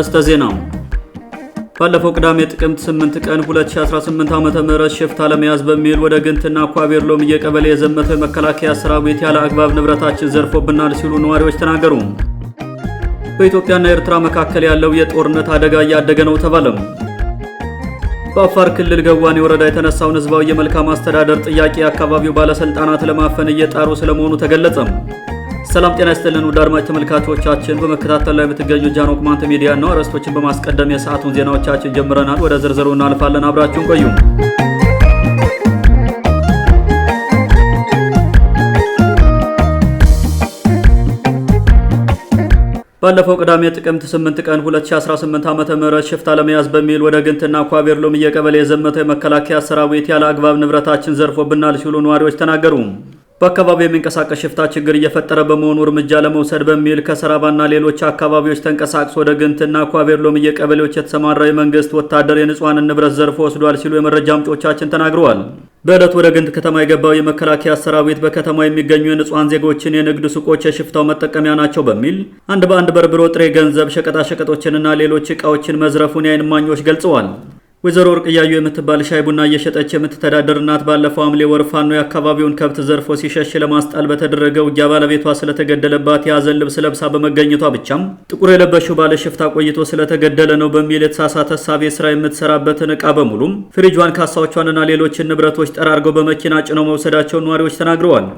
አርዕስተ ዜና። ባለፈው ቅዳሜ ጥቅምት 8 ቀን 2018 ዓ.ም ሽፍታ ለመያዝ በሚል ወደ ግንትና ኳቤር እየቀበሌ ቀበሌ የዘመተ መከላከያ ሰራዊት ያለ አግባብ ንብረታችን ዘርፎብናል ሲሉ ነዋሪዎች ተናገሩ። በኢትዮጵያና ኤርትራ መካከል ያለው የጦርነት አደጋ እያደገ ነው ተባለም። በአፋር ክልል ገዋኔ ወረዳ የተነሳውን ህዝባዊ የመልካም አስተዳደር ጥያቄ አካባቢው ባለስልጣናት ለማፈን እየጣሩ ስለመሆኑ ተገለጸም። ሰላም ጤና ይስጥልን ውድ አድማጭ ተመልካቾቻችን፣ በመከታተል ላይ የምትገኙ ጃን ኦክማንት ሚዲያ ነው። አርዕስቶችን በማስቀደም የሰዓቱን ዜናዎቻችን ጀምረናል። ወደ ዝርዝሩ እናልፋለን። አብራችሁን ቆዩ። ባለፈው ቅዳሜ ጥቅምት 8 ቀን 2018 ዓ.ም ሽፍታ ለመያዝ በሚል ወደ ግንትና ኳቤር ሎምዬ ቀበሌ የዘመተው የመከላከያ ሰራዊት ያለ አግባብ ንብረታችን ዘርፎብናል ሲሉ ነዋሪዎች ተናገሩ። በአካባቢው የሚንቀሳቀስ ሽፍታ ችግር እየፈጠረ በመሆኑ እርምጃ ለመውሰድ በሚል ከሰራባና ሌሎች አካባቢዎች ተንቀሳቅሶ ወደ ግንትና ኳቤር እየቀበሌዎች ቀበሌዎች የተሰማራ የመንግስት ወታደር የንጹሐንን ንብረት ዘርፎ ወስዷል ሲሉ የመረጃ ምንጮቻችን ተናግረዋል። በዕለቱ ወደ ግንት ከተማ የገባው የመከላከያ ሰራዊት በከተማ የሚገኙ የንጹሐን ዜጎችን የንግድ ሱቆች የሽፍታው መጠቀሚያ ናቸው በሚል አንድ በአንድ በርብሮ ጥሬ ገንዘብ፣ ሸቀጣሸቀጦችንና ሌሎች ዕቃዎችን መዝረፉን የአይን እማኞች ገልጸዋል። ወይዘሮ እያዩ የምትባል ሻይ ቡና እየሸጠች የምትተዳደር እናት ባለፈው ሐምሌ ወር ፋኖ የአካባቢውን ከብት ዘርፎ ሲሸሽ ለማስጣል በተደረገ ውጊያ ባለቤቷ ስለተገደለባት የሐዘን ልብስ ለብሳ በመገኘቷ ብቻም ጥቁር የለበሽው ባለሽፍታ ቆይቶ ስለተገደለ ነው በሚል የተሳሳተ ሳቤ ስራ የምትሰራበትን እቃ በሙሉም ፍሪጇን፣ ካሳዎቿንና ሌሎችን ንብረቶች ጠራርገው በመኪና ጭነው መውሰዳቸውን ነዋሪዎች ተናግረዋል።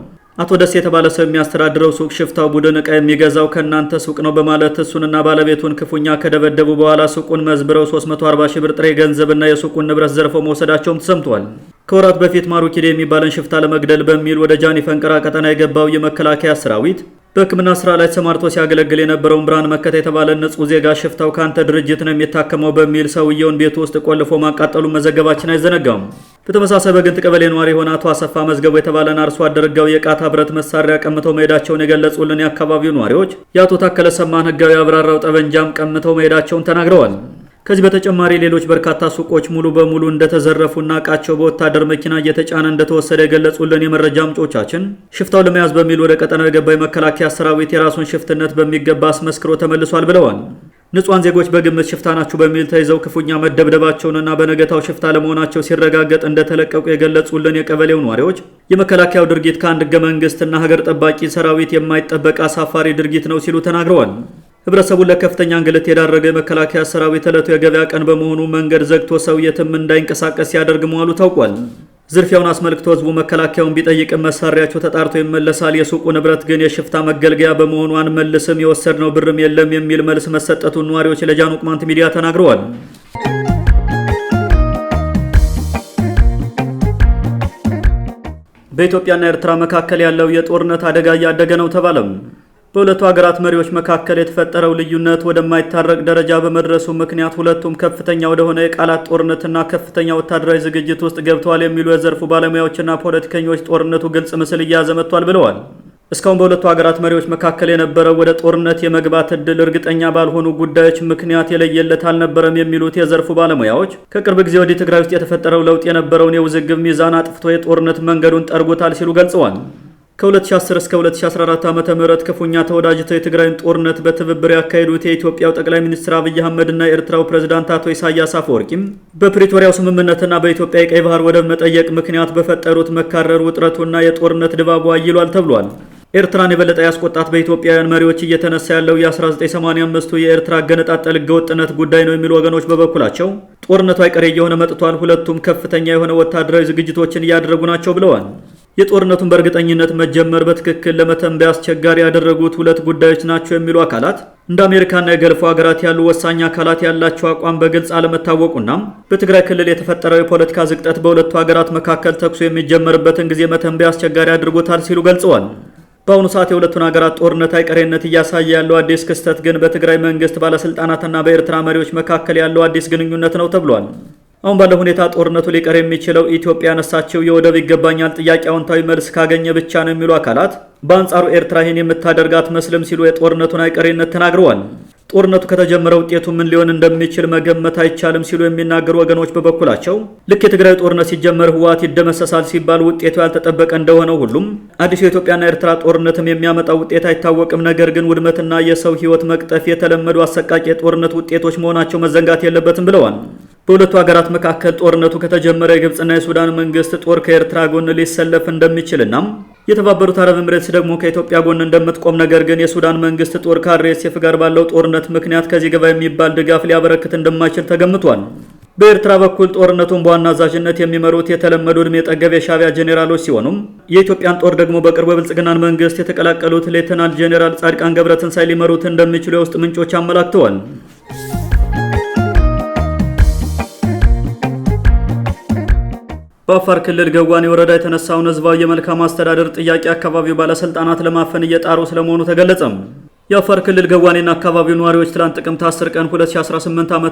አቶ ደስ የተባለ ሰው የሚያስተዳድረው ሱቅ ሽፍታው ቡድን እቃ የሚገዛው ከእናንተ ሱቅ ነው በማለት እሱንና ባለቤቱን ክፉኛ ከደበደቡ በኋላ ሱቁን መዝብረው 340 ሺህ ብር ጥሬ ገንዘብና የሱቁን ንብረት ዘርፈው መውሰዳቸውም ተሰምቷል። ከወራት በፊት ማሩኪዴ የሚባለን ሽፍታ ለመግደል በሚል ወደ ጃኒ ፈንቅራ ቀጠና የገባው የመከላከያ ሰራዊት በሕክምና ስራ ላይ ተሰማርቶ ሲያገለግል የነበረውን ብርሃን መከታ የተባለ ንጹህ ዜጋ ሽፍታው ከአንተ ድርጅት ነው የሚታከመው በሚል ሰውየውን ቤቱ ውስጥ ቆልፎ ማቃጠሉ መዘገባችን አይዘነጋም። በተመሳሳይ በግንት ቀበሌ ነዋሪ የሆነ አቶ አሰፋ መዝገቡ የተባለን አርሶ አደር የቃታ ብረት መሳሪያ ቀምተው መሄዳቸውን የገለጹልን የአካባቢው ነዋሪዎች የአቶ ታከለ ሰማን ህጋዊ አብራራው ጠበንጃም ቀምተው መሄዳቸውን ተናግረዋል። ከዚህ በተጨማሪ ሌሎች በርካታ ሱቆች ሙሉ በሙሉ እንደተዘረፉና እቃቸው በወታደር መኪና እየተጫነ እንደተወሰደ የገለጹልን የመረጃ ምንጮቻችን ሽፍታው ለመያዝ በሚል ወደ ቀጠና የገባው የመከላከያ ሰራዊት የራሱን ሽፍትነት በሚገባ አስመስክሮ ተመልሷል ብለዋል። ንጹሐን ዜጎች በግምት ሽፍታ ናችሁ በሚል ተይዘው ክፉኛ መደብደባቸውንና በነገታው ሽፍታ ለመሆናቸው ሲረጋገጥ እንደተለቀቁ የገለጹልን የቀበሌው ነዋሪዎች የመከላከያው ድርጊት ከአንድ ህገ መንግስትና ሀገር ጠባቂ ሰራዊት የማይጠበቅ አሳፋሪ ድርጊት ነው ሲሉ ተናግረዋል። ህብረተሰቡን ለከፍተኛ እንግልት የዳረገ የመከላከያ ሰራዊት ዕለቱ የገበያ ቀን በመሆኑ መንገድ ዘግቶ ሰው የትም እንዳይንቀሳቀስ ሲያደርግ መዋሉ ታውቋል። ዝርፊያውን አስመልክቶ ህዝቡ መከላከያውን ቢጠይቅም መሳሪያቸው ተጣርቶ ይመለሳል፣ የሱቁ ንብረት ግን የሽፍታ መገልገያ በመሆኑ አንመልስም፣ የወሰድነው ብርም የለም የሚል መልስ መሰጠቱን ነዋሪዎች ለጃን ቁማንት ሚዲያ ተናግረዋል። በኢትዮጵያና ኤርትራ መካከል ያለው የጦርነት አደጋ እያደገ ነው ተባለም። በሁለቱ ሀገራት መሪዎች መካከል የተፈጠረው ልዩነት ወደማይታረቅ ደረጃ በመድረሱ ምክንያት ሁለቱም ከፍተኛ ወደሆነ የቃላት ጦርነትና ከፍተኛ ወታደራዊ ዝግጅት ውስጥ ገብተዋል የሚሉ የዘርፉ ባለሙያዎችና ፖለቲከኞች ጦርነቱ ግልጽ ምስል እያዘመቷል መጥቷል ብለዋል። እስካሁን በሁለቱ ሀገራት መሪዎች መካከል የነበረው ወደ ጦርነት የመግባት እድል እርግጠኛ ባልሆኑ ጉዳዮች ምክንያት የለየለት አልነበረም የሚሉት የዘርፉ ባለሙያዎች ከቅርብ ጊዜ ወዲህ ትግራይ ውስጥ የተፈጠረው ለውጥ የነበረውን የውዝግብ ሚዛን አጥፍቶ የጦርነት መንገዱን ጠርጎታል ሲሉ ገልጸዋል። ከ2010 እስከ 2014 ዓ.ም ክፉኛ ተወዳጅተው የትግራይን ጦርነት በትብብር ያካሄዱት የኢትዮጵያው ጠቅላይ ሚኒስትር አብይ አህመድና የኤርትራው ፕሬዝዳንት አቶ ኢሳያስ አፈወርቂም በፕሪቶሪያው ስምምነትና በኢትዮጵያ የቀይ ባህር ወደብ መጠየቅ ምክንያት በፈጠሩት መካረር ውጥረቱና የጦርነት ድባቡ አይሏል ተብሏል። ኤርትራን የበለጠ ያስቆጣት በኢትዮጵያውያን መሪዎች እየተነሳ ያለው የ1985ቱ የኤርትራ ገነጣጠል ህገወጥነት ጉዳይ ነው የሚሉ ወገኖች በበኩላቸው ጦርነቱ አይቀሬ እየሆነ መጥቷል፣ ሁለቱም ከፍተኛ የሆነ ወታደራዊ ዝግጅቶችን እያደረጉ ናቸው ብለዋል። የጦርነቱን በእርግጠኝነት መጀመር በትክክል ለመተንበይ አስቸጋሪ ያደረጉት ሁለት ጉዳዮች ናቸው የሚሉ አካላት እንደ አሜሪካና የገልፎ ሀገራት ያሉ ወሳኝ አካላት ያላቸው አቋም በግልጽ አለመታወቁና በትግራይ ክልል የተፈጠረው የፖለቲካ ዝቅጠት በሁለቱ ሀገራት መካከል ተኩሶ የሚጀመርበትን ጊዜ መተንበይ አስቸጋሪ አድርጎታል ሲሉ ገልጸዋል። በአሁኑ ሰዓት የሁለቱን ሀገራት ጦርነት አይቀሬነት እያሳየ ያለው አዲስ ክስተት ግን በትግራይ መንግስት ባለስልጣናትና በኤርትራ መሪዎች መካከል ያለው አዲስ ግንኙነት ነው ተብሏል። አሁን ባለው ሁኔታ ጦርነቱ ሊቀር የሚችለው ኢትዮጵያ ያነሳቸው የወደብ ይገባኛል ጥያቄ አዎንታዊ መልስ ካገኘ ብቻ ነው የሚሉ አካላት በአንጻሩ ኤርትራ ይህን መስልም ሲሉ የጦርነቱን አይቀሬነት ተናግረዋል። ጦርነቱ ከተጀመረ ውጤቱ ምን ሊሆን እንደሚችል መገመት አይቻልም ሲሉ የሚናገሩ ወገኖች በበኩላቸው ልክ የትግራይ ጦርነት ሲጀመር ህወሓት ይደመሰሳል ሲባል ውጤቱ ያልተጠበቀ እንደሆነው ሁሉም አዲሱ የኢትዮጵያና ኤርትራ ጦርነትም የሚያመጣው ውጤት አይታወቅም፣ ነገር ግን ውድመትና የሰው ህይወት መቅጠፍ የተለመዱ አሰቃቂ የጦርነት ውጤቶች መሆናቸው መዘንጋት የለበትም ብለዋል። በሁለቱ ሀገራት መካከል ጦርነቱ ከተጀመረ የግብፅና የሱዳን መንግስት ጦር ከኤርትራ ጎን ሊሰለፍ እንደሚችልና የተባበሩት አረብ ኤምሬትስ ደግሞ ከኢትዮጵያ ጎን እንደምትቆም ነገር ግን የሱዳን መንግስት ጦር ከአርኤስኤፍ ጋር ባለው ጦርነት ምክንያት ከዚህ ገባ የሚባል ድጋፍ ሊያበረክት እንደማይችል ተገምቷል። በኤርትራ በኩል ጦርነቱን በዋና አዛዥነት የሚመሩት የተለመዱ ዕድሜ ጠገብ የሻቢያ ጄኔራሎች ሲሆኑም የኢትዮጵያን ጦር ደግሞ በቅርቡ የብልጽግናን መንግስት የተቀላቀሉት ሌተናል ጄኔራል ጻድቃን ገብረትንሳኤ ሊመሩት እንደሚችሉ የውስጥ ምንጮች አመላክተዋል። በአፋር ክልል ገዋኔ ወረዳ የተነሳውን ህዝባዊ የመልካም አስተዳደር ጥያቄ አካባቢው ባለስልጣናት ለማፈን እየጣሩ ስለመሆኑ ተገለጸም። የአፋር ክልል ገዋኔና አካባቢው ነዋሪዎች ትላንት ጥቅምት 10 ቀን 2018 ዓ ም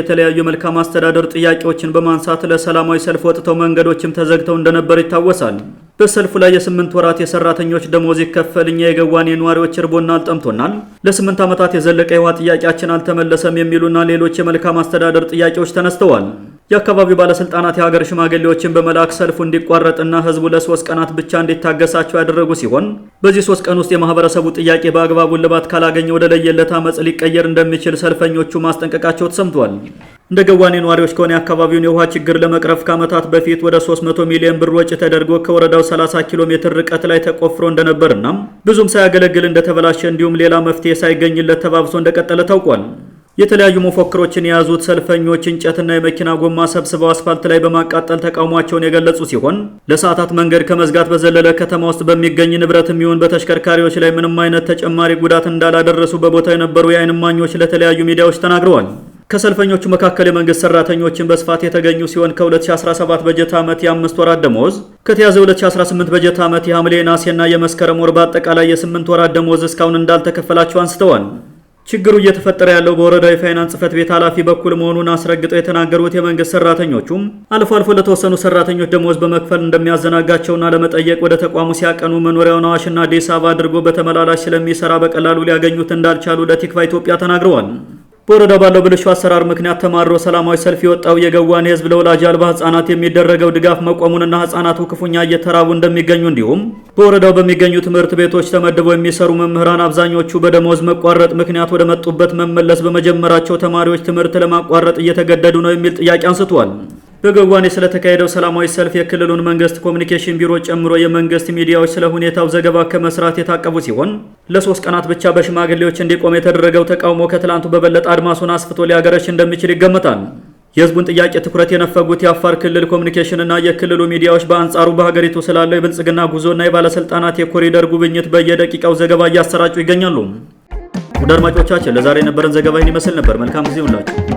የተለያዩ የመልካም አስተዳደር ጥያቄዎችን በማንሳት ለሰላማዊ ሰልፍ ወጥተው መንገዶችም ተዘግተው እንደነበር ይታወሳል። በሰልፉ ላይ የስምንት ወራት የሰራተኞች ደሞዝ ይከፈል፣ እኛ የገዋኔ ነዋሪዎች እርቦናል፣ ጠምቶናል፣ ለስምንት ዓመታት የዘለቀ የውሃ ጥያቄያችን አልተመለሰም የሚሉና ሌሎች የመልካም አስተዳደር ጥያቄዎች ተነስተዋል። የአካባቢው ባለስልጣናት የሀገር ሽማግሌዎችን በመላክ ሰልፉ እንዲቋረጥና ህዝቡ ለሶስት ቀናት ብቻ እንዲታገሳቸው ያደረጉ ሲሆን በዚህ ሶስት ቀን ውስጥ የማህበረሰቡ ጥያቄ በአግባቡ እልባት ካላገኘ ወደ ለየለት አመፅ ሊቀየር እንደሚችል ሰልፈኞቹ ማስጠንቀቃቸው ተሰምቷል። እንደ ገዋኔ ነዋሪዎች ከሆነ የአካባቢውን የውሃ ችግር ለመቅረፍ ከዓመታት በፊት ወደ 300 ሚሊዮን ብር ወጪ ተደርጎ ከወረዳው 30 ኪሎ ሜትር ርቀት ላይ ተቆፍሮ እንደነበርና ብዙም ሳያገለግል እንደተበላሸ እንዲሁም ሌላ መፍትሄ ሳይገኝለት ተባብሶ እንደቀጠለ ታውቋል። የተለያዩ መፎክሮችን የያዙት ሰልፈኞች እንጨትና የመኪና ጎማ ሰብስበው አስፋልት ላይ በማቃጠል ተቃውሟቸውን የገለጹ ሲሆን ለሰዓታት መንገድ ከመዝጋት በዘለለ ከተማ ውስጥ በሚገኝ ንብረት የሚሆን በተሽከርካሪዎች ላይ ምንም አይነት ተጨማሪ ጉዳት እንዳላደረሱ በቦታው የነበሩ የአይን እማኞች ለተለያዩ ሚዲያዎች ተናግረዋል። ከሰልፈኞቹ መካከል የመንግስት ሰራተኞችን በስፋት የተገኙ ሲሆን ከ2017 በጀት ዓመት የአምስት ወራት ደሞዝ ከተያዘ 2018 በጀት ዓመት የሐምሌ ነሐሴና የመስከረም ወር በአጠቃላይ የስምንት ወራት ደሞዝ እስካሁን እንዳልተከፈላቸው አንስተዋል። ችግሩ እየተፈጠረ ያለው በወረዳው የፋይናንስ ጽህፈት ቤት ኃላፊ በኩል መሆኑን አስረግጠው የተናገሩት የመንግስት ሰራተኞቹም አልፎ አልፎ ለተወሰኑ ሰራተኞች ደሞዝ በመክፈል እንደሚያዘናጋቸውና ለመጠየቅ ወደ ተቋሙ ሲያቀኑ መኖሪያውን አዋሽና አዲስ አበባ አድርጎ በተመላላሽ ስለሚሰራ በቀላሉ ሊያገኙት እንዳልቻሉ ለቲክቫ ኢትዮጵያ ተናግረዋል። በወረዳ ባለው ብልሹ አሰራር ምክንያት ተማሮ ሰላማዊ ሰልፍ የወጣው የገዋን ሕዝብ ለወላጅ አልባ ህጻናት የሚደረገው ድጋፍ መቆሙንና ህጻናቱ ክፉኛ እየተራቡ እንደሚገኙ እንዲሁም በወረዳው በሚገኙ ትምህርት ቤቶች ተመድበው የሚሰሩ መምህራን አብዛኞቹ በደሞዝ መቋረጥ ምክንያት ወደ መጡበት መመለስ በመጀመራቸው ተማሪዎች ትምህርት ለማቋረጥ እየተገደዱ ነው የሚል ጥያቄ አንስቷል። በገዋኔ ስለተካሄደው ሰላማዊ ሰልፍ የክልሉን መንግስት ኮሚኒኬሽን ቢሮ ጨምሮ የመንግስት ሚዲያዎች ስለ ሁኔታው ዘገባ ከመስራት የታቀቡ ሲሆን ለሶስት ቀናት ብቻ በሽማግሌዎች እንዲቆም የተደረገው ተቃውሞ ከትላንቱ በበለጠ አድማሱን አስፍቶ ሊያገረሽ እንደሚችል ይገመታል። የህዝቡን ጥያቄ ትኩረት የነፈጉት የአፋር ክልል ኮሚኒኬሽንና የክልሉ ሚዲያዎች በአንጻሩ በሀገሪቱ ስላለው የብልጽግና ጉዞና የባለስልጣናት የኮሪደር ጉብኝት በየደቂቃው ዘገባ እያሰራጩ ይገኛሉ። ውድ አድማጮቻችን ለዛሬ የነበረን ዘገባ ይህን ይመስል ነበር። መልካም ጊዜ ሁላችሁ